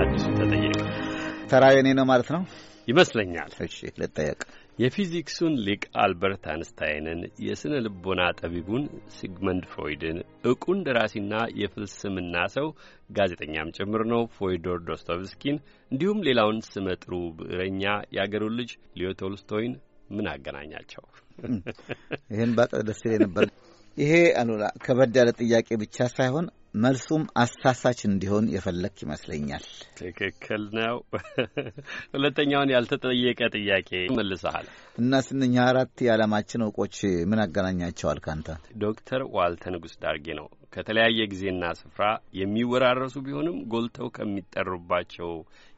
አዲሱ ተጠየቀ። ተራ የኔ ነው ማለት ነው ይመስለኛል። እሺ ልጠየቅ። የፊዚክሱን ሊቅ አልበርት አንስታይንን፣ የሥነ ልቦና ጠቢቡን ሲግመንድ ፍሮይድን፣ ዕቁን ደራሲና የፍልስምና ሰው ጋዜጠኛም ጭምር ነው ፎይዶር ዶስቶቭስኪን፣ እንዲሁም ሌላውን ስመጥሩ ብዕረኛ የአገሩን ልጅ ሊዮ ቶልስቶይን ምን አገናኛቸው? ይህን ባጠ ደስ ይለኝ ነበር። ይሄ አሉላ ከበድ ያለ ጥያቄ ብቻ ሳይሆን መልሱም አሳሳች እንዲሆን የፈለግ ይመስለኛል። ትክክል ነው። ሁለተኛውን ያልተጠየቀ ጥያቄ መልሰሃል እና ስንኛ አራት የዓለማችን እውቆች ምን አገናኛቸዋል? ካንተ ዶክተር ዋልተ ንጉስ ዳርጌ ነው። ከተለያየ ጊዜና ስፍራ የሚወራረሱ ቢሆንም ጎልተው ከሚጠሩባቸው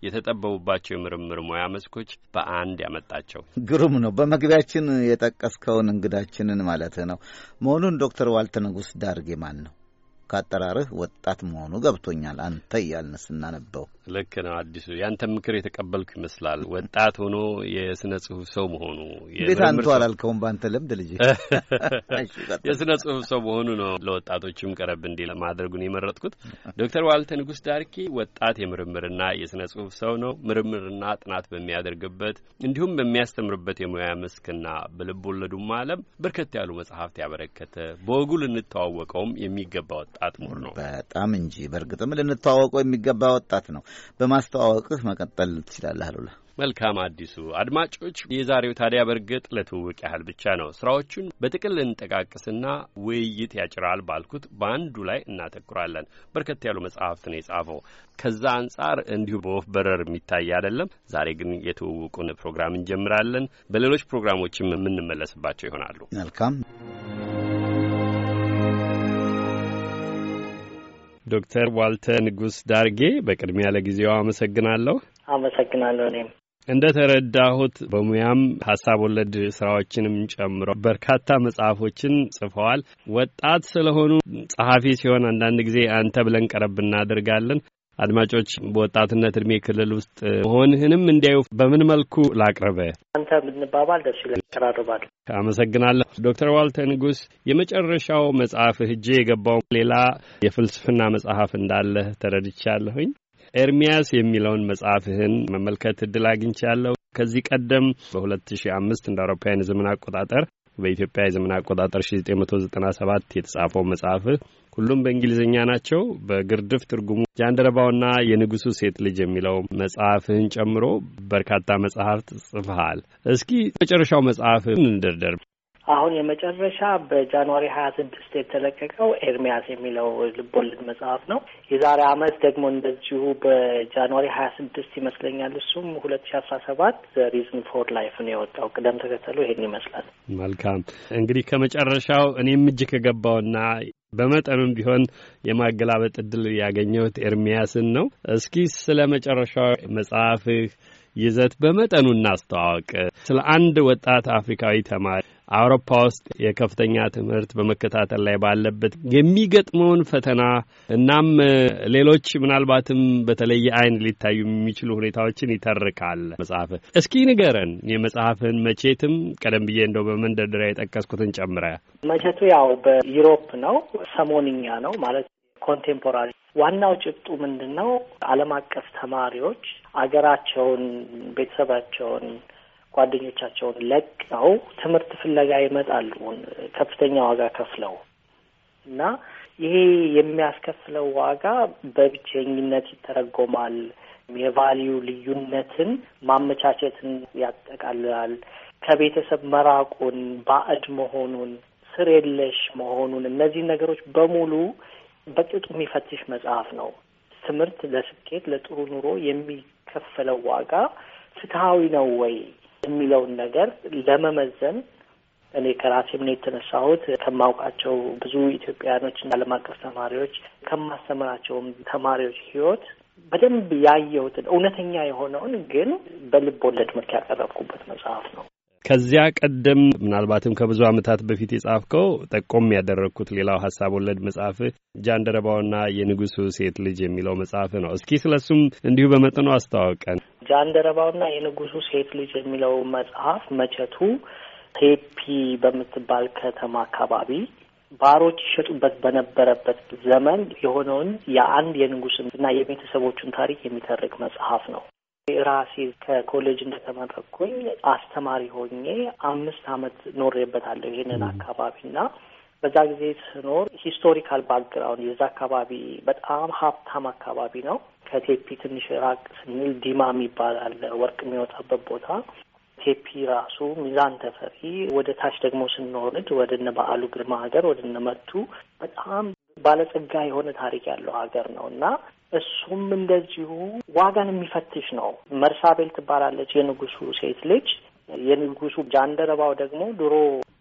የተጠበቡባቸው የምርምር ሙያ መስኮች በአንድ ያመጣቸው ግሩም ነው። በመግቢያችን የጠቀስከውን እንግዳችንን ማለት ነው መሆኑን ዶክተር ዋልተ ንጉስ ዳርጌ ማን ነው? ከአጠራርህ ወጣት መሆኑ ገብቶኛል። አንተ እያልን ስናነበው ልክ ነው አዲሱ ያንተ ምክር የተቀበልኩ ይመስላል። ወጣት ሆኖ የስነ ጽሁፍ ሰው መሆኑ ቤት አንቱ አላልከውም። በአንተ ልምድ ልጅ የስነ ጽሁፍ ሰው መሆኑ ነው ለወጣቶችም ቀረብ እንዲ ለማድረጉን የመረጥኩት። ዶክተር ዋልተ ንጉስ ዳርኪ ወጣት የምርምርና የስነ ጽሁፍ ሰው ነው። ምርምርና ጥናት በሚያደርግበት እንዲሁም በሚያስተምርበት የሙያ መስክና በልብ ወለዱም አለም በርከት ያሉ መጽሐፍት ያበረከተ በወጉ ልንተዋወቀውም የሚገባ ወጣት ምሁር ነው። በጣም እንጂ በእርግጥም ልንተዋወቀው የሚገባ ወጣት ነው። በማስተዋወቅህ መቀጠል ትችላለህ አሉላ። መልካም አዲሱ አድማጮች፣ የዛሬው ታዲያ በእርግጥ ለትውውቅ ያህል ብቻ ነው። ስራዎቹን በጥቅል እንጠቃቅስና ውይይት ያጭራል ባልኩት በአንዱ ላይ እናተኩራለን። በርከት ያሉ መጽሐፍት ነው የጻፈው። ከዛ አንጻር እንዲሁ በወፍ በረር የሚታይ አይደለም። ዛሬ ግን የትውውቁን ፕሮግራም እንጀምራለን። በሌሎች ፕሮግራሞችም የምንመለስባቸው ይሆናሉ። መልካም ዶክተር ዋልተ ንጉስ ዳርጌ በቅድሚያ ለጊዜው አመሰግናለሁ። አመሰግናለሁ እኔም እንደ ተረዳሁት በሙያም ሀሳብ ወለድ ስራዎችንም ጨምሮ በርካታ መጽሐፎችን ጽፈዋል። ወጣት ስለሆኑ ጸሐፊ ሲሆን አንዳንድ ጊዜ አንተ ብለን ቀረብ እናደርጋለን። አድማጮች በወጣትነት እድሜ ክልል ውስጥ መሆንህንም እንዲያዩ በምን መልኩ ላቅርበ አንተ ብንባባል ደስ ይላል። አመሰግናለሁ ዶክተር ዋልተ ንጉስ። የመጨረሻው መጽሐፍ እጄ የገባው ሌላ የፍልስፍና መጽሐፍ እንዳለህ ተረድቻለሁኝ። ኤርሚያስ የሚለውን መጽሐፍህን መመልከት እድል አግኝቻለሁ። ከዚህ ቀደም በ2005 እንደ አውሮፓውያን የዘመን አቆጣጠር በኢትዮጵያ የዘመን አቆጣጠር 1997 የተጻፈው መጽሐፍ ሁሉም በእንግሊዝኛ ናቸው። በግርድፍ ትርጉሙ ጃንደረባውና የንጉሱ ሴት ልጅ የሚለው መጽሐፍህን ጨምሮ በርካታ መጽሐፍት ጽፈሃል። እስኪ መጨረሻው ምን እንደርደር። አሁን የመጨረሻ በጃንዋሪ ሀያ ስድስት የተለቀቀው ኤርሚያስ የሚለው ልቦለድ መጽሐፍ ነው። የዛሬ አመት ደግሞ እንደዚሁ በጃንዋሪ ሀያ ስድስት ይመስለኛል እሱም ሁለት ሺ አስራ ሰባት ዘ ሪዝን ፎር ላይፍ ነው የወጣው። ቅደም ተከተሉ ይሄን ይመስላል። መልካም እንግዲህ ከመጨረሻው እኔም እጅ ከገባውና በመጠኑም ቢሆን የማገላበጥ እድል ያገኘሁት ኤርሚያስን ነው። እስኪ ስለ መጨረሻው መጽሐፍህ ይዘት በመጠኑ እናስተዋወቅ። ስለ አንድ ወጣት አፍሪካዊ ተማሪ አውሮፓ ውስጥ የከፍተኛ ትምህርት በመከታተል ላይ ባለበት የሚገጥመውን ፈተና እናም ሌሎች ምናልባትም በተለየ አይን ሊታዩ የሚችሉ ሁኔታዎችን ይተርካል መጽሐፍ። እስኪ ንገረን የመጽሐፍን መቼትም ቀደም ብዬ እንደው በመንደርደሪያ የጠቀስኩትን ጨምረ። መቼቱ ያው በዩሮፕ ነው፣ ሰሞንኛ ነው ማለት ኮንቴምፖራሪ። ዋናው ጭብጡ ምንድን ነው? ዓለም አቀፍ ተማሪዎች አገራቸውን ቤተሰባቸውን ጓደኞቻቸውን ለቀው ትምህርት ፍለጋ ይመጣሉ ከፍተኛ ዋጋ ከፍለው እና ይሄ የሚያስከፍለው ዋጋ በብቸኝነት ይተረጎማል። የቫሊዩ ልዩነትን ማመቻቸትን ያጠቃልላል። ከቤተሰብ መራቁን፣ ባዕድ መሆኑን፣ ስር የለሽ መሆኑን እነዚህ ነገሮች በሙሉ በቅጡ የሚፈትሽ መጽሐፍ ነው። ትምህርት ለስኬት ለጥሩ ኑሮ የሚከፈለው ዋጋ ፍትሐዊ ነው ወይ? የሚለውን ነገር ለመመዘን እኔ ከራሴ ምን የተነሳሁት። ከማውቃቸው ብዙ ኢትዮጵያውያኖች እና ዓለም አቀፍ ተማሪዎች ከማስተምራቸውም ተማሪዎች ህይወት በደንብ ያየሁትን እውነተኛ የሆነውን ግን በልብ ወለድ መልክ ያቀረብኩበት መጽሐፍ ነው። ከዚያ ቀደም ምናልባትም ከብዙ ዓመታት በፊት የጻፍከው ጠቆም ያደረግኩት ሌላው ሀሳብ ወለድ መጽሐፍ ጃንደረባውና የንጉሱ ሴት ልጅ የሚለው መጽሐፍ ነው። እስኪ ስለሱም እንዲሁ በመጠኑ አስተዋውቀን። ጃንደረባውና የንጉሱ ሴት ልጅ የሚለው መጽሐፍ መቼቱ ቴፒ በምትባል ከተማ አካባቢ ባሮች ይሸጡበት በነበረበት ዘመን የሆነውን የአንድ የንጉስ እና የቤተሰቦቹን ታሪክ የሚተርክ መጽሐፍ ነው። ራሴ ከኮሌጅ እንደተመረኩኝ አስተማሪ ሆኜ አምስት ዓመት ኖሬበታለሁ ይህንን አካባቢና በዛ ጊዜ ስኖር ሂስቶሪካል ባክግራውንድ የዛ አካባቢ በጣም ሀብታም አካባቢ ነው። ከቴፒ ትንሽ ራቅ ስንል ዲማ የሚባል አለ፣ ወርቅ የሚወጣበት ቦታ። ቴፒ ራሱ ሚዛን ተፈሪ፣ ወደ ታች ደግሞ ስንወርድ ወደ እነ በዓሉ ግርማ ሀገር ወደ እነ መቱ በጣም ባለጸጋ የሆነ ታሪክ ያለው ሀገር ነው እና እሱም እንደዚሁ ዋጋን የሚፈትሽ ነው። መርሳቤል ትባላለች የንጉሱ ሴት ልጅ። የንጉሱ ጃንደረባው ደግሞ ድሮ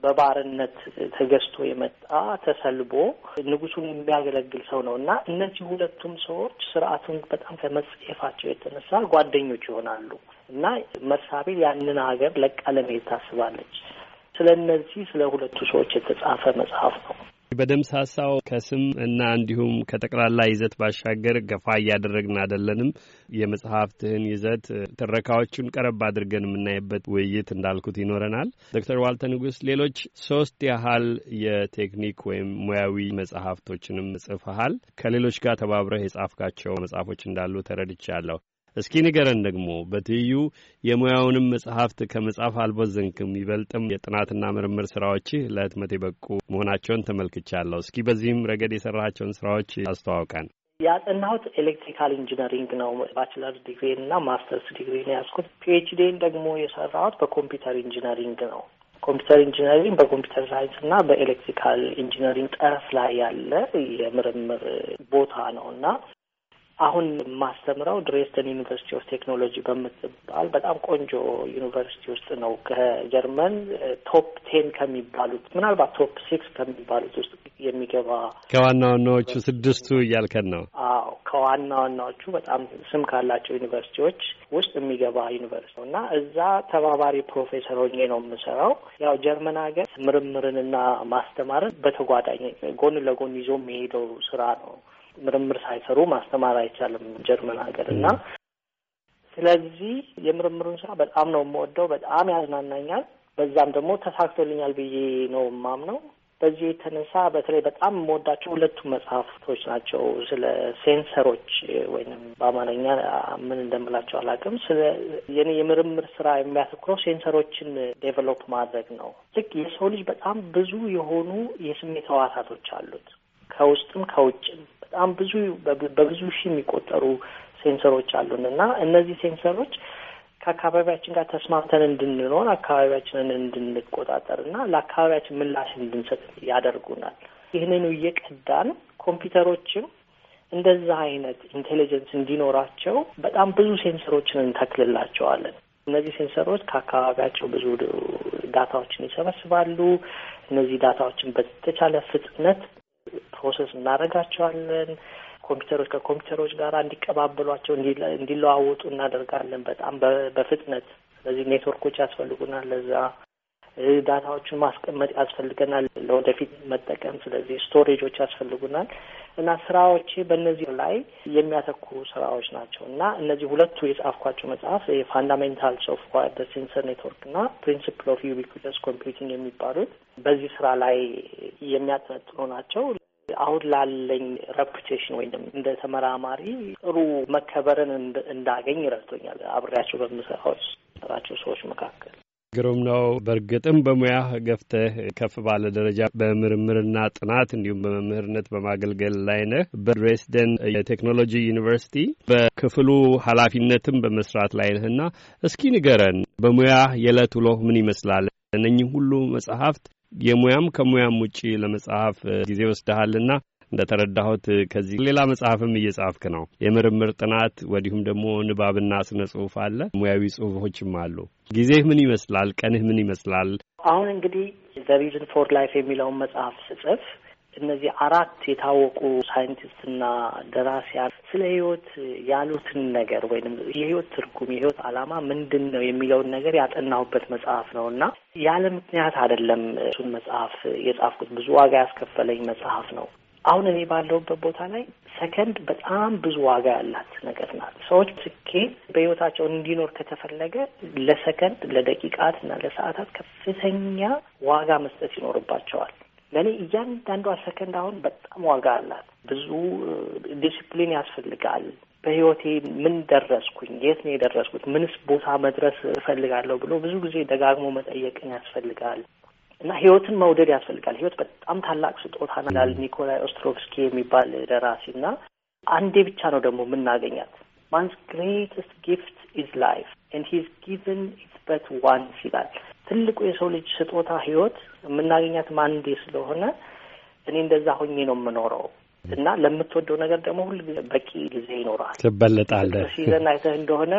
በባርነት ተገዝቶ የመጣ ተሰልቦ ንጉሱን የሚያገለግል ሰው ነው እና እነዚህ ሁለቱም ሰዎች ስርዓቱን በጣም ከመጽሔፋቸው የተነሳ ጓደኞች ይሆናሉ እና መርሳቤል ያንን ሀገር ለቃ ለመሄድ ታስባለች። ስለ እነዚህ ስለ ሁለቱ ሰዎች የተጻፈ መጽሐፍ ነው። በደምሳሳው ከስም እና እንዲሁም ከጠቅላላ ይዘት ባሻገር ገፋ እያደረግን አይደለንም። የመጽሐፍትህን ይዘት ትረካዎቹን ቀረብ አድርገን የምናይበት ውይይት እንዳልኩት ይኖረናል። ዶክተር ዋልተ ንጉስ ሌሎች ሶስት ያህል የቴክኒክ ወይም ሙያዊ መጽሐፍቶችንም ጽፈሃል። ከሌሎች ጋር ተባብረህ የጻፍካቸው መጽሐፎች እንዳሉ ተረድቻለሁ። እስኪ ንገረን ደግሞ በትይዩ የሙያውንም መጽሐፍት ከመጽሐፍ አልቦዘንክም ይበልጥም የጥናትና ምርምር ስራዎችህ ለህትመት የበቁ መሆናቸውን ተመልክቻለሁ። እስኪ በዚህም ረገድ የሰራሃቸውን ስራዎች አስተዋውቀን። ያጠናሁት ኤሌክትሪካል ኢንጂነሪንግ ነው። ባችለር ዲግሪን እና ማስተርስ ዲግሪን ያስኩት። ፒኤችዲን ደግሞ የሰራሁት በኮምፒውተር ኢንጂነሪንግ ነው። ኮምፒውተር ኢንጂነሪንግ በኮምፒውተር ሳይንስ እና በኤሌክትሪካል ኢንጂነሪንግ ጠረፍ ላይ ያለ የምርምር ቦታ ነው እና አሁን የማስተምረው ድሬስተን ዩኒቨርሲቲ ኦፍ ቴክኖሎጂ በምትባል በጣም ቆንጆ ዩኒቨርሲቲ ውስጥ ነው። ከጀርመን ቶፕ ቴን ከሚባሉት ምናልባት ቶፕ ሲክስ ከሚባሉት ውስጥ የሚገባ ከዋና ዋናዎቹ ስድስቱ እያልከን ነው? አዎ ከዋና ዋናዎቹ በጣም ስም ካላቸው ዩኒቨርሲቲዎች ውስጥ የሚገባ ዩኒቨርሲቲ ነው እና እዛ ተባባሪ ፕሮፌሰር ሆኜ ነው የምሰራው። ያው ጀርመን ሀገር ምርምርንና ማስተማርን በተጓዳኝ ጎን ለጎን ይዞ የሚሄደው ስራ ነው ምርምር ሳይሰሩ ማስተማር አይቻልም ጀርመን ሀገር እና ስለዚህ የምርምሩን ስራ በጣም ነው የምወደው፣ በጣም ያዝናናኛል። በዛም ደግሞ ተሳክቶልኛል ብዬ ነው የማምነው። በዚህ የተነሳ በተለይ በጣም የምወዳቸው ሁለቱም መጽሐፍቶች ናቸው። ስለ ሴንሰሮች ወይም በአማርኛ ምን እንደምላቸው አላውቅም። ስለ የኔ የምርምር ስራ የሚያተኩረው ሴንሰሮችን ዴቨሎፕ ማድረግ ነው። ልክ የሰው ልጅ በጣም ብዙ የሆኑ የስሜት ህዋሳቶች አሉት። ከውስጥም ከውጭም በጣም ብዙ በብዙ ሺህ የሚቆጠሩ ሴንሰሮች አሉን እና እነዚህ ሴንሰሮች ከአካባቢያችን ጋር ተስማምተን እንድንኖር አካባቢያችንን እንድንቆጣጠር እና ለአካባቢያችን ምላሽ እንድንሰጥ ያደርጉናል። ይህንኑ እየቀዳን ኮምፒውተሮችም እንደዛ አይነት ኢንቴሊጀንስ እንዲኖራቸው በጣም ብዙ ሴንሰሮችን እንተክልላቸዋለን። እነዚህ ሴንሰሮች ከአካባቢያቸው ብዙ ዳታዎችን ይሰበስባሉ። እነዚህ ዳታዎችን በተቻለ ፍጥነት ፕሮሰስ እናደርጋቸዋለን። ኮምፒውተሮች ከኮምፒውተሮች ጋር እንዲቀባበሏቸው እንዲለዋወጡ እናደርጋለን በጣም በፍጥነት። ስለዚህ ኔትወርኮች ያስፈልጉናል ለዛ ዳታዎችን ማስቀመጥ ያስፈልገናል ለወደፊት መጠቀም። ስለዚህ ስቶሬጆች ያስፈልጉናል እና ስራዎች በእነዚህ ላይ የሚያተኩሩ ስራዎች ናቸው እና እነዚህ ሁለቱ የጻፍኳቸው መጽሐፍ የፋንዳሜንታልስ ኦፍ ዋይርድ ሴንሰር ኔትወርክ እና ፕሪንሲፕል ኦፍ ዩቢኩተስ ኮምፒውቲንግ የሚባሉት በዚህ ስራ ላይ የሚያጠነጥኑ ናቸው። አሁን ላለኝ ረፑቴሽን ወይም እንደ ተመራማሪ ጥሩ መከበርን እንዳገኝ ረድቶኛል። አብሬያቸው በምሰራዎች ስራቸው ሰዎች መካከል ግሩም ነው። በእርግጥም በሙያህ ገፍተህ ከፍ ባለ ደረጃ በምርምርና ጥናት እንዲሁም በመምህርነት በማገልገል ላይ ነህ። በድሬስደን የቴክኖሎጂ ዩኒቨርሲቲ በክፍሉ ኃላፊነትም በመስራት ላይ ነህና እስኪ ንገረን በሙያህ የዕለት ውሎህ ምን ይመስላል? እነኚህ ሁሉ መጽሐፍት የሙያም ከሙያም ውጪ ለመጽሐፍ ጊዜ ወስደሃልና እንደተረዳሁት ከዚህ ሌላ መጽሐፍም እየጻፍክ ነው። የምርምር ጥናት ወዲሁም ደግሞ ንባብና ስነ ጽሁፍ አለ፣ ሙያዊ ጽሁፎችም አሉ። ጊዜህ ምን ይመስላል? ቀንህ ምን ይመስላል? አሁን እንግዲህ ዘ ሪዝን ፎር ላይፍ የሚለውን መጽሐፍ ስጽፍ እነዚህ አራት የታወቁ ሳይንቲስትና ደራሲያን ስለ ህይወት ያሉትን ነገር ወይም የህይወት ትርጉም የህይወት አላማ ምንድን ነው የሚለውን ነገር ያጠናሁበት መጽሐፍ ነው እና ያለ ምክንያት አይደለም እሱን መጽሐፍ የጻፍኩት። ብዙ ዋጋ ያስከፈለኝ መጽሐፍ ነው። አሁን እኔ ባለሁበት ቦታ ላይ ሰከንድ በጣም ብዙ ዋጋ ያላት ነገር ናት። ሰዎች ስኬት በህይወታቸው እንዲኖር ከተፈለገ ለሰከንድ ለደቂቃት እና ለሰዓታት ከፍተኛ ዋጋ መስጠት ይኖርባቸዋል። ለእኔ እያንዳንዷ ሰከንድ አሁን በጣም ዋጋ አላት። ብዙ ዲሲፕሊን ያስፈልጋል። በህይወቴ ምን ደረስኩኝ? የት ነው የደረስኩት? ምንስ ቦታ መድረስ እፈልጋለሁ ብሎ ብዙ ጊዜ ደጋግሞ መጠየቅን ያስፈልጋል እና ህይወትን መውደድ ያስፈልጋል። ህይወት በጣም ታላቅ ስጦታ ነው ይላል ኒኮላይ ኦስትሮቭስኪ የሚባል ደራሲ እና አንዴ ብቻ ነው ደግሞ የምናገኛት ማንስ ግሬትስት ጊፍት ኢዝ ላይፍ ኤንድ ሂዝ ጊቨን ኢት በት ዋንስ ይላል። ትልቁ የሰው ልጅ ስጦታ ህይወት የምናገኛት ማንዴ ስለሆነ እኔ እንደዛ ሆኜ ነው የምኖረው እና ለምትወደው ነገር ደግሞ ሁሉ በቂ ጊዜ ይኖረዋል። ትበለጣለህ። ሲዘን አይተህ እንደሆነ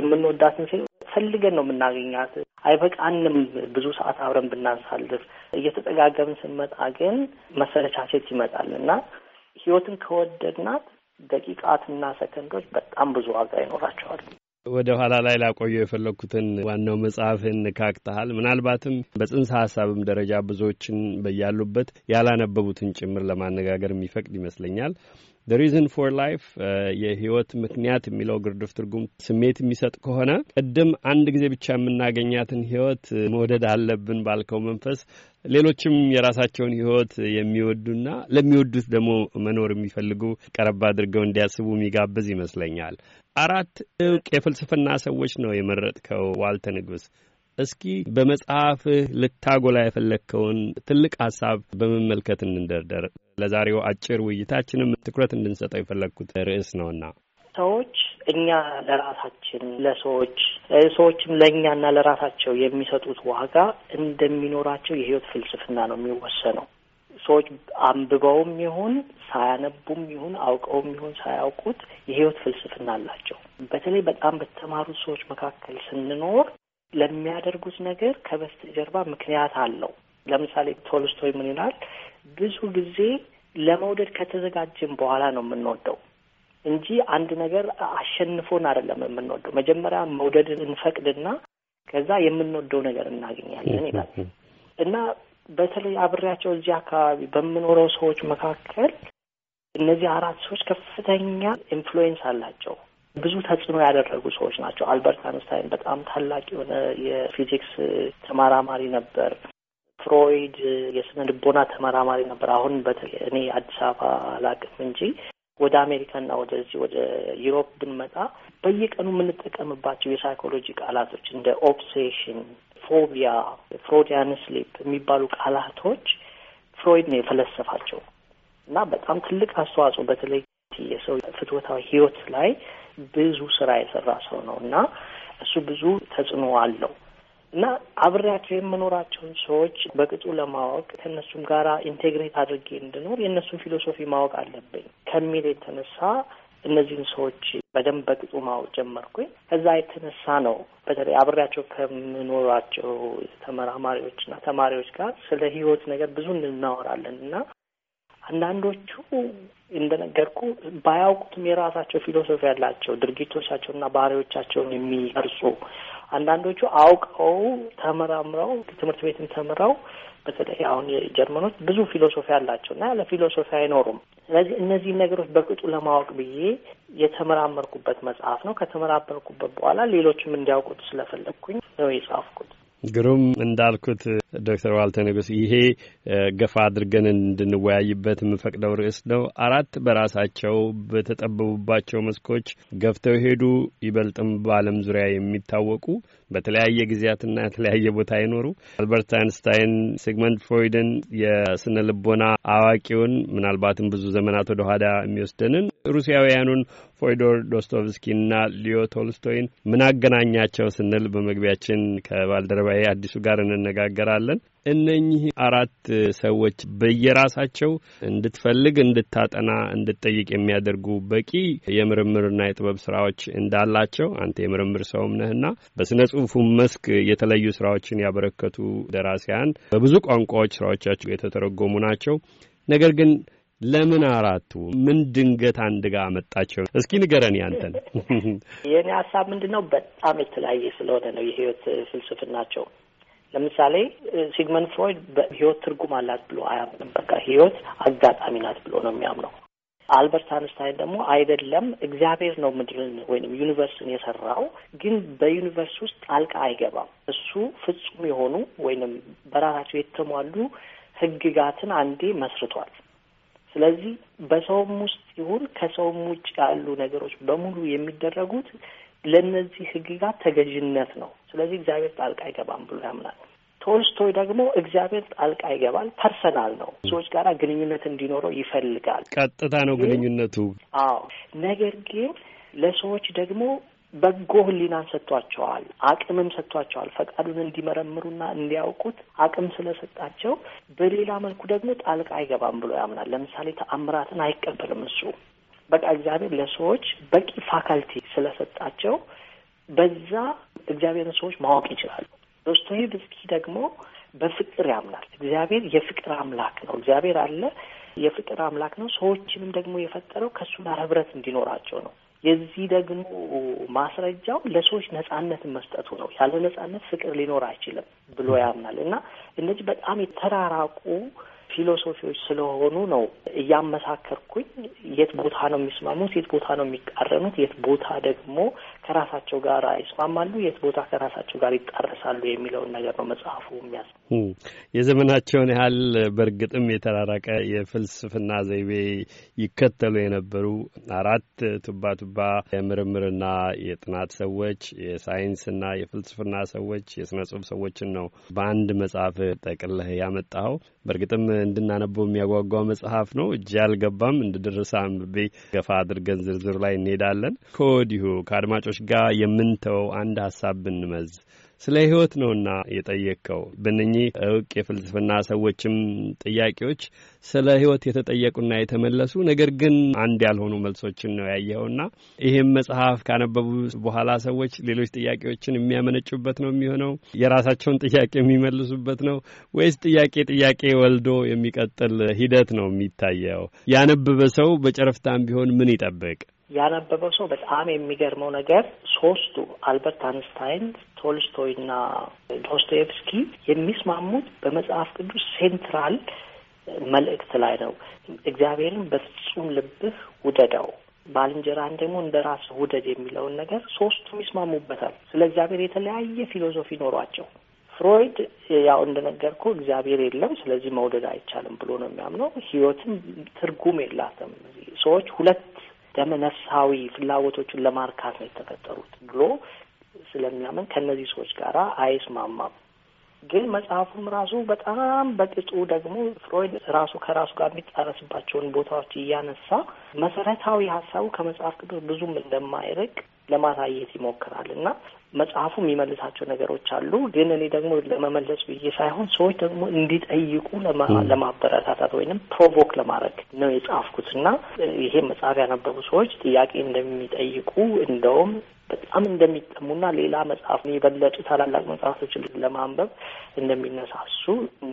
የምንወዳትን ሴት ፈልገን ነው የምናገኛት። አይበቃንም ብዙ ሰዓት አብረን ብናሳልፍ። እየተጠጋገምን ስንመጣ ግን መሰለቻቸት ይመጣል እና ህይወትን ከወደድናት ደቂቃትና ሰከንዶች በጣም ብዙ ዋጋ ይኖራቸዋል። ወደ ኋላ ላይ ላቆየው የፈለግኩትን ዋናው መጽሐፍን ካክተሃል። ምናልባትም በጽንሰ ሀሳብም ደረጃ ብዙዎችን በያሉበት ያላነበቡትን ጭምር ለማነጋገር የሚፈቅድ ይመስለኛል። ዘ ሪዝን ፎር ላይፍ የህይወት ምክንያት የሚለው ግርድፍ ትርጉም ስሜት የሚሰጥ ከሆነ ቅድም አንድ ጊዜ ብቻ የምናገኛትን ህይወት መውደድ አለብን ባልከው መንፈስ ሌሎችም የራሳቸውን ህይወት የሚወዱና ለሚወዱት ደግሞ መኖር የሚፈልጉ ቀረብ አድርገው እንዲያስቡ የሚጋብዝ ይመስለኛል። አራት እውቅ የፍልስፍና ሰዎች ነው የመረጥከው ዋልተ ንጉሥ። እስኪ በመጽሐፍህ ልታጎላ የፈለግከውን ትልቅ ሀሳብ በመመልከት እንደርደር። ለዛሬው አጭር ውይይታችንም ትኩረት እንድንሰጠው የፈለግኩት ርዕስ ነውና ሰዎች እኛ ለራሳችን ለሰዎች ሰዎችም ለእኛና ለራሳቸው የሚሰጡት ዋጋ እንደሚኖራቸው የህይወት ፍልስፍና ነው የሚወሰነው። ሰዎች አንብበውም ይሁን ሳያነቡም ይሁን አውቀውም ይሁን ሳያውቁት የህይወት ፍልስፍና አላቸው። በተለይ በጣም በተማሩት ሰዎች መካከል ስንኖር ለሚያደርጉት ነገር ከበስተጀርባ ምክንያት አለው። ለምሳሌ ቶልስቶይ ምን ይላል? ብዙ ጊዜ ለመውደድ ከተዘጋጀን በኋላ ነው የምንወደው እንጂ አንድ ነገር አሸንፎን አይደለም የምንወደው። መጀመሪያ መውደድን እንፈቅድና ከዛ የምንወደው ነገር እናገኛለን ይላል እና በተለይ አብሬያቸው እዚህ አካባቢ በምኖረው ሰዎች መካከል እነዚህ አራት ሰዎች ከፍተኛ ኢንፍሉዌንስ አላቸው። ብዙ ተጽዕኖ ያደረጉ ሰዎች ናቸው። አልበርት አንስታይን በጣም ታላቅ የሆነ የፊዚክስ ተመራማሪ ነበር። ፍሮይድ የስነ ልቦና ተመራማሪ ነበር። አሁን በተለይ እኔ አዲስ አበባ አላቅም እንጂ ወደ አሜሪካና ወደዚህ ወደ ዩሮፕ ብንመጣ በየቀኑ የምንጠቀምባቸው የሳይኮሎጂ ቃላቶች እንደ ኦብሴሽን፣ ፎቢያ፣ ፍሮዲያን ስሊፕ የሚባሉ ቃላቶች ፍሮይድ ነው የፈለሰፋቸው እና በጣም ትልቅ አስተዋጽኦ በተለይ የሰው ፍትወታዊ ህይወት ላይ ብዙ ስራ የሰራ ሰው ነው እና እሱ ብዙ ተጽዕኖ አለው እና አብሬያቸው የምኖራቸውን ሰዎች በቅጡ ለማወቅ ከእነሱም ጋር ኢንቴግሬት አድርጌ እንድኖር የእነሱን ፊሎሶፊ ማወቅ አለብኝ ከሚል የተነሳ እነዚህን ሰዎች በደንብ በቅጡ ማወቅ ጀመርኩኝ። ከዛ የተነሳ ነው በተለይ አብሬያቸው ከምኖራቸው ተመራማሪዎችና ተማሪዎች ጋር ስለ ህይወት ነገር ብዙ እንናወራለን እና አንዳንዶቹ እንደነገርኩ ባያውቁትም የራሳቸው ፊሎሶፊ ያላቸው ድርጊቶቻቸውና ባህሪዎቻቸውን የሚቀርጹ አንዳንዶቹ አውቀው ተመራምረው ትምህርት ቤትን ተምረው በተለይ አሁን የጀርመኖች ብዙ ፊሎሶፊ አላቸው እና ለፊሎሶፊ አይኖሩም። ስለዚህ እነዚህ ነገሮች በቅጡ ለማወቅ ብዬ የተመራመርኩበት መጽሐፍ ነው። ከተመራመርኩበት በኋላ ሌሎችም እንዲያውቁት ስለፈለግኩኝ ነው የጻፍኩት። ግሩም እንዳልኩት ዶክተር ዋልተ ንጉስ ይሄ ገፋ አድርገን እንድንወያይበት የምፈቅደው ርዕስ ነው። አራት በራሳቸው በተጠበቡባቸው መስኮች ገፍተው ሄዱ። ይበልጥም በዓለም ዙሪያ የሚታወቁ በተለያየ ጊዜያትና የተለያየ ቦታ አይኖሩ አልበርት አይንስታይን፣ ሲግመንድ ፍሮይድን የስነ ልቦና አዋቂውን ምናልባትም ብዙ ዘመናት ወደ ኋላ የሚወስደንን ሩሲያውያኑን ፎይዶር ዶስቶቭስኪና ሊዮ ቶልስቶይን ምን አገናኛቸው ስንል በመግቢያችን ከባልደረባዬ አዲሱ ጋር እንነጋገራለን። እነኚህ አራት ሰዎች በየራሳቸው እንድትፈልግ እንድታጠና እንድትጠይቅ የሚያደርጉ በቂ የምርምርና የጥበብ ስራዎች እንዳላቸው አንተ የምርምር ሰውም ነህና በስነ ጽሁፉ መስክ የተለዩ ስራዎችን ያበረከቱ ደራሲያን በብዙ ቋንቋዎች ስራዎቻቸው የተተረጎሙ ናቸው። ነገር ግን ለምን አራቱ ምን ድንገት አንድ ጋር አመጣቸው? እስኪ ንገረን ያንተን። የእኔ ሀሳብ ምንድን ነው? በጣም የተለያየ ስለሆነ ነው የህይወት ፍልስፍናቸው ለምሳሌ ሲግመንድ ፍሮይድ በህይወት ትርጉም አላት ብሎ አያምንም። በቃ ህይወት አጋጣሚ ናት ብሎ ነው የሚያምነው። አልበርት አንስታይን ደግሞ አይደለም እግዚአብሔር ነው ምድርን ወይም ዩኒቨርስን የሰራው፣ ግን በዩኒቨርስ ውስጥ ጣልቃ አይገባም። እሱ ፍጹም የሆኑ ወይንም በራሳቸው የተሟሉ ህግጋትን አንዴ መስርቷል። ስለዚህ በሰውም ውስጥ ይሁን ከሰውም ውጭ ያሉ ነገሮች በሙሉ የሚደረጉት ለእነዚህ ህግጋት ተገዥነት ነው። ስለዚህ እግዚአብሔር ጣልቃ አይገባም ብሎ ያምናል። ቶልስቶይ ደግሞ እግዚአብሔር ጣልቃ ይገባል። ፐርሰናል ነው። ሰዎች ጋር ግንኙነት እንዲኖረው ይፈልጋል። ቀጥታ ነው ግንኙነቱ። አዎ። ነገር ግን ለሰዎች ደግሞ በጎ ህሊናን ሰጥቷቸዋል፣ አቅምም ሰጥቷቸዋል። ፈቃዱን እንዲመረምሩና እንዲያውቁት አቅም ስለሰጣቸው በሌላ መልኩ ደግሞ ጣልቃ አይገባም ብሎ ያምናል። ለምሳሌ ተአምራትን አይቀበልም እሱ በቃ እግዚአብሔር ለሰዎች በቂ ፋካልቲ ስለሰጣቸው በዛ እግዚአብሔርን ሰዎች ማወቅ ይችላሉ። ዶስቶዬቭስኪ ደግሞ በፍቅር ያምናል። እግዚአብሔር የፍቅር አምላክ ነው። እግዚአብሔር አለ፣ የፍቅር አምላክ ነው። ሰዎችንም ደግሞ የፈጠረው ከእሱ ጋር ህብረት እንዲኖራቸው ነው። የዚህ ደግሞ ማስረጃው ለሰዎች ነጻነትን መስጠቱ ነው። ያለ ነጻነት ፍቅር ሊኖር አይችልም ብሎ ያምናል እና እነዚህ በጣም የተራራቁ ፊሎሶፊዎች ስለሆኑ ነው እያመሳከርኩኝ የት ቦታ ነው የሚስማሙት፣ የት ቦታ ነው የሚቃረኑት፣ የት ቦታ ደግሞ ከራሳቸው ጋር ይስማማሉ፣ የት ቦታ ከራሳቸው ጋር ይጣረሳሉ የሚለውን ነገር ነው መጽሐፉ የሚያስ የዘመናቸውን ያህል በእርግጥም የተራራቀ የፍልስፍና ዘይቤ ይከተሉ የነበሩ አራት ቱባ ቱባ የምርምርና የጥናት ሰዎች፣ የሳይንስና የፍልስፍና ሰዎች፣ የስነ ጽሁፍ ሰዎችን ነው በአንድ መጽሐፍ ጠቅልህ ያመጣኸው። በእርግጥም እንድናነበው የሚያጓጓ መጽሐፍ ነው። እጅ ያልገባም እንደደረሰ አንብቤ ገፋ አድርገን ዝርዝሩ ላይ እንሄዳለን። ከወዲሁ ከአድማጮች ጋር የምንተወው አንድ ሀሳብ ብንመዝ ስለ ህይወት ነውና የጠየቅከው። በእነኚህ እውቅ የፍልስፍና ሰዎችም ጥያቄዎች ስለ ህይወት የተጠየቁና የተመለሱ ነገር ግን አንድ ያልሆኑ መልሶችን ነው ያየኸውና ይህም መጽሐፍ ካነበቡ በኋላ ሰዎች ሌሎች ጥያቄዎችን የሚያመነጩበት ነው የሚሆነው፣ የራሳቸውን ጥያቄ የሚመልሱበት ነው ወይስ ጥያቄ ጥያቄ ወልዶ የሚቀጥል ሂደት ነው የሚታየው? ያነበበ ሰው በጨረፍታም ቢሆን ምን ይጠብቅ? ያነበበው ሰው በጣም የሚገርመው ነገር ሶስቱ አልበርት አንስታይን፣ ቶልስቶይ እና ዶስቶኤቭስኪ የሚስማሙት በመጽሐፍ ቅዱስ ሴንትራል መልእክት ላይ ነው። እግዚአብሔርን በፍጹም ልብህ ውደደው፣ ባልንጀራን ደግሞ እንደ ራስህ ውደድ የሚለውን ነገር ሶስቱም ይስማሙበታል። ስለ እግዚአብሔር የተለያየ ፊሎሶፊ ኖሯቸው ፍሮይድ ያው እንደነገርኩ እግዚአብሔር የለም፣ ስለዚህ መውደድ አይቻልም ብሎ ነው የሚያምነው። ህይወትም ትርጉም የላትም። ሰዎች ሁለት ደመ ፍላጎቶቹን ለማርካት ነው የተፈጠሩት ብሎ ስለሚያምን ከእነዚህ ሰዎች ጋር አይስማማም። ግን መጽሐፉም ራሱ በጣም በቅጡ ደግሞ ፍሮይድ ራሱ ከራሱ ጋር የሚጣረስባቸውን ቦታዎች እያነሳ መሰረታዊ ሀሳቡ ከመጽሐፍ ቅዱስ ብዙም እንደማይርቅ ለማሳየት ይሞክራል እና መጽሐፉ የሚመልሳቸው ነገሮች አሉ። ግን እኔ ደግሞ ለመመለስ ብዬ ሳይሆን ሰዎች ደግሞ እንዲጠይቁ ለማበረታታት ወይንም ፕሮቮክ ለማድረግ ነው የጻፍኩት እና ይሄ መጽሐፍ ያነበቡ ሰዎች ጥያቄ እንደሚጠይቁ እንደውም በጣም እንደሚጠሙና ሌላ መጽሐፍ የበለጡ ታላላቅ መጽሐፎችን ለማንበብ እንደሚነሳሱ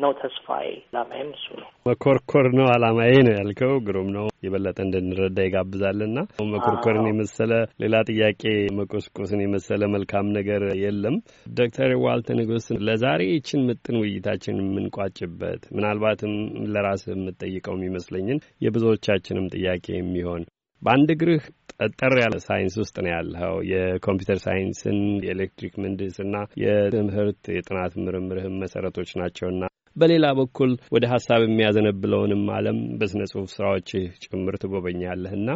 ነው ተስፋዬ። ዓላማዬም እሱ ነው። መኮርኮር ነው አላማዬ ነው ያልከው ግሩም ነው። የበለጠ እንድንረዳ ይጋብዛልና መኮርኮርን የመሰለ ሌላ ጥያቄ መቆስቆስን የመሰለ መልካም ነገር የለም። ዶክተር ዋልተ ንጉስ ለዛሬ ይችን ምጥን ውይይታችን የምንቋጭበት ምናልባትም ለራስህ የምትጠይቀው የሚመስለኝን የብዙዎቻችንም ጥያቄ የሚሆን በአንድ እግርህ ጠጠር ያለ ሳይንስ ውስጥ ነው ያለኸው። የኮምፒውተር ሳይንስን፣ የኤሌክትሪክ ምህንድስና የትምህርት የጥናት ምርምርህም መሰረቶች ናቸውና በሌላ በኩል ወደ ሀሳብ የሚያዘነብለውንም ዓለም በስነ ጽሁፍ ስራዎችህ ጭምር ትጎበኛለህና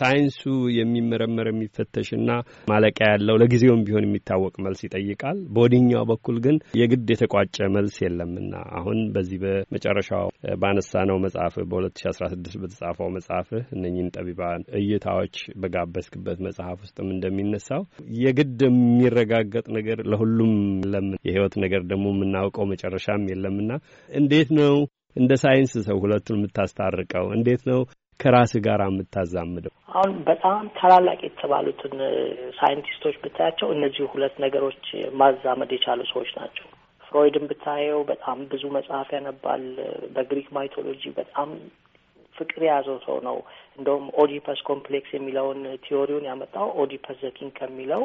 ሳይንሱ የሚመረመር የሚፈተሽና ማለቂያ ያለው ለጊዜውም ቢሆን የሚታወቅ መልስ ይጠይቃል። በወዲኛው በኩል ግን የግድ የተቋጨ መልስ የለምና አሁን በዚህ በመጨረሻው ባነሳ ነው መጽሐፍ በ2016 በተጻፈው መጽሐፍ እነኝን ጠቢባን እይታዎች በጋበዝክበት መጽሐፍ ውስጥም እንደሚነሳው የግድ የሚረጋገጥ ነገር ለሁሉም የለም። የህይወት ነገር ደግሞ የምናውቀው መጨረሻም የለምና እንዴት ነው እንደ ሳይንስ ሰው ሁለቱን የምታስታርቀው? እንዴት ነው ከራስ ጋር የምታዛምደው? አሁን በጣም ታላላቅ የተባሉትን ሳይንቲስቶች ብታያቸው እነዚህ ሁለት ነገሮች ማዛመድ የቻሉ ሰዎች ናቸው። ፍሮይድን ብታየው በጣም ብዙ መጽሐፍ ያነባል። በግሪክ ማይቶሎጂ በጣም ፍቅር የያዘው ሰው ነው። እንደውም ኦዲፐስ ኮምፕሌክስ የሚለውን ቲዮሪውን ያመጣው ኦዲፐስ ዘኪን ከሚለው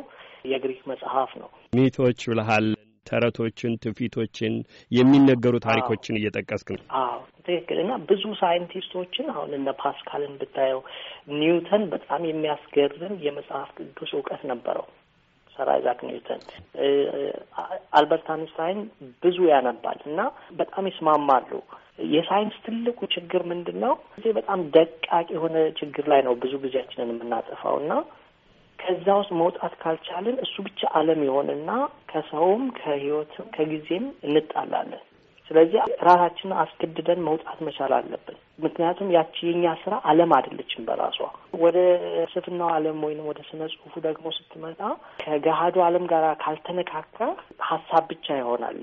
የግሪክ መጽሐፍ ነው። ሚቶች ብልሃል ተረቶችን፣ ትውፊቶችን፣ የሚነገሩ ታሪኮችን እየጠቀስክ ነው። አዎ ትክክል እና ብዙ ሳይንቲስቶችን አሁን እነ ፓስካልን ብታየው ኒውተን በጣም የሚያስገርም የመጽሐፍ ቅዱስ እውቀት ነበረው። ሰር አይዛክ ኒውተን፣ አልበርት አንስታይን ብዙ ያነባል እና በጣም ይስማማሉ። የሳይንስ ትልቁ ችግር ምንድን ነው? እዚህ በጣም ደቃቅ የሆነ ችግር ላይ ነው ብዙ ጊዜያችንን የምናጠፋው እና ከዛ ውስጥ መውጣት ካልቻልን እሱ ብቻ ዓለም ይሆንና ከሰውም ከህይወትም ከጊዜም እንጣላለን። ስለዚህ ራሳችንን አስገድደን መውጣት መቻል አለብን። ምክንያቱም ያቺ የኛ ስራ አለም አይደለችም በራሷ። ወደ ስፍናው አለም ወይም ወደ ስነ ጽሁፉ ደግሞ ስትመጣ ከገሃዱ አለም ጋር ካልተነካካ ሀሳብ ብቻ ይሆናል።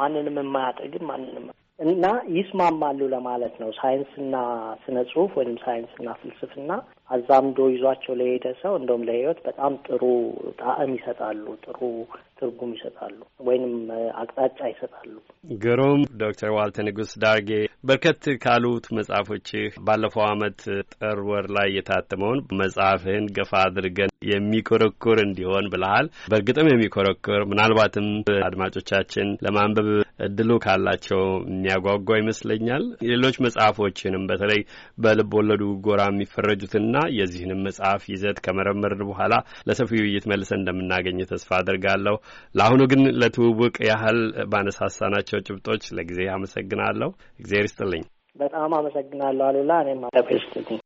ማንንም የማያጠግም ማንንም እና ይስማማሉ ለማለት ነው። ሳይንስና ስነ ጽሁፍ ወይም ሳይንስና ፍልስፍና አዛምዶ ይዟቸው ለሄደ ሰው እንደውም ለህይወት በጣም ጥሩ ጣዕም ይሰጣሉ፣ ጥሩ ትርጉም ይሰጣሉ፣ ወይንም አቅጣጫ ይሰጣሉ። ግሩም ዶክተር ዋልተ ንጉስ ዳርጌ በርከት ካሉት መጽሐፎችህ ባለፈው አመት ጥር ወር ላይ የታተመውን መጽሐፍህን ገፋ አድርገን የሚኮረኩር እንዲሆን ብልሃል። በእርግጥም የሚኮረኩር ምናልባትም አድማጮቻችን ለማንበብ እድሉ ካላቸው የሚያጓጓ ይመስለኛል። ሌሎች መጽሐፎችንም በተለይ በልብ ወለዱ ጎራ የሚፈረጁትና የዚህንም መጽሐፍ ይዘት ከመረመርን በኋላ ለሰፊ ውይይት መልሰን እንደምናገኝ ተስፋ አድርጋለሁ። ለአሁኑ ግን ለትውውቅ ያህል ባነሳሳናቸው ጭብጦች ለጊዜ አመሰግናለሁ። እግዜር ይስጥልኝ። በጣም አመሰግናለሁ አሉላ። እኔም